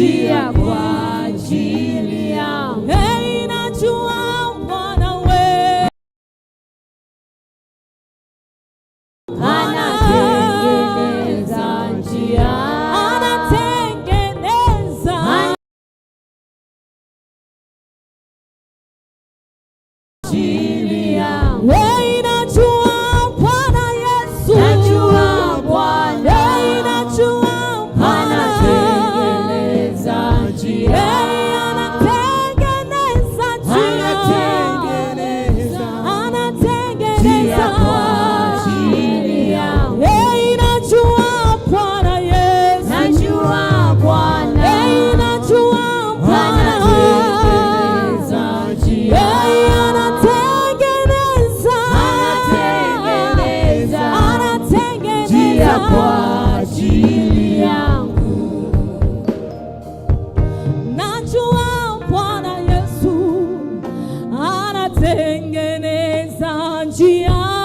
njia kwa ajili yangu. Oh.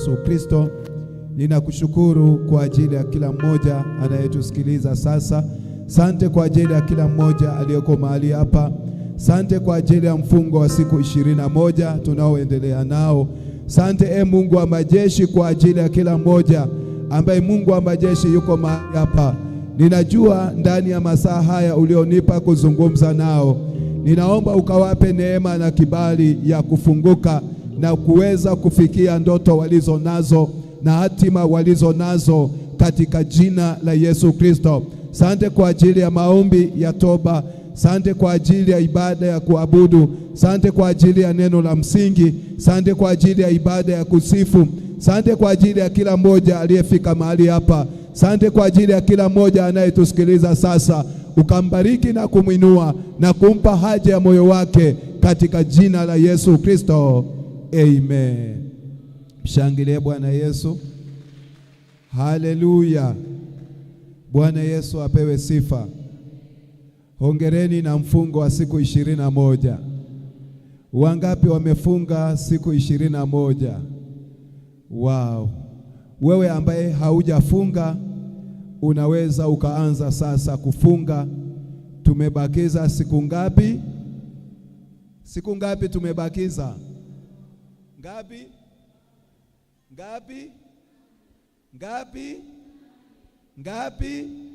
Yesu Kristo. Ninakushukuru kwa ajili ya kila mmoja anayetusikiliza sasa. Sante kwa ajili ya kila mmoja aliyoko mahali hapa. Sante kwa ajili ya mfungo wa siku ishirini na moja tunaoendelea nao. Sante e Mungu wa majeshi kwa ajili ya kila mmoja ambaye Mungu wa majeshi yuko mahali hapa. Ninajua ndani ya masaa haya ulionipa kuzungumza nao, ninaomba ukawape neema na kibali ya kufunguka na kuweza kufikia ndoto walizo nazo na hatima walizo nazo katika jina la Yesu Kristo. Sante kwa ajili ya maombi ya toba, sante kwa ajili ya ibada ya kuabudu, sante kwa ajili ya neno la msingi, sante kwa ajili ya ibada ya kusifu, sante kwa ajili ya kila mmoja aliyefika mahali hapa, sante kwa ajili ya kila mmoja anayetusikiliza sasa, ukambariki na kumwinua na kumpa haja ya moyo wake katika jina la Yesu Kristo. Amen. Mshangilie Bwana Yesu. Haleluya. Bwana Yesu apewe sifa. Hongereni na mfungo wa siku ishirini na moja. Wangapi wamefunga siku ishirini na moja? Wow. Wewe ambaye haujafunga unaweza ukaanza sasa kufunga. Tumebakiza siku ngapi? Siku ngapi tumebakiza? ngapi ngapi ngapi ngapi